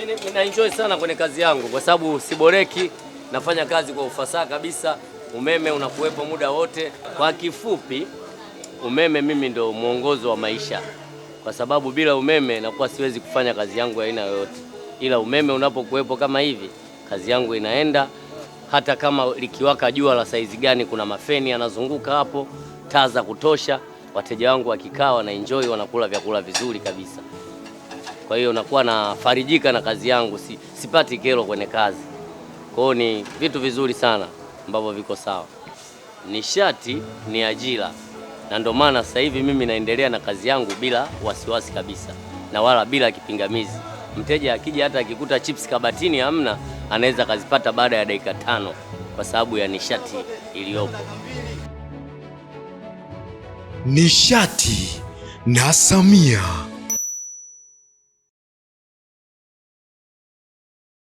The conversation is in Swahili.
Mimi na enjoy sana kwenye kazi yangu kwa sababu siboreki, nafanya kazi kwa ufasaha kabisa, umeme unakuwepo muda wote. Kwa kifupi, umeme mimi ndo mwongozo wa maisha, kwa sababu bila umeme nakuwa siwezi kufanya kazi yangu aina ya yoyote, ila umeme unapokuwepo kama hivi, kazi yangu inaenda hata kama likiwaka jua la saizi gani, kuna mafeni yanazunguka hapo, taa za kutosha, wateja wangu wakikaa wana enjoy, wanakula vyakula vizuri kabisa. Kwa hiyo nakuwa nafarijika na kazi yangu, si, sipati kero kwenye kazi. Kwa hiyo ni vitu vizuri sana ambavyo viko sawa. Nishati ni ajira, na ndio maana sasa hivi mimi naendelea na kazi yangu bila wasiwasi kabisa na wala bila kipingamizi. Mteja akija hata akikuta chips kabatini hamna, anaweza akazipata baada ya dakika tano kwa sababu ya nishati iliyopo. Nishati na Samia.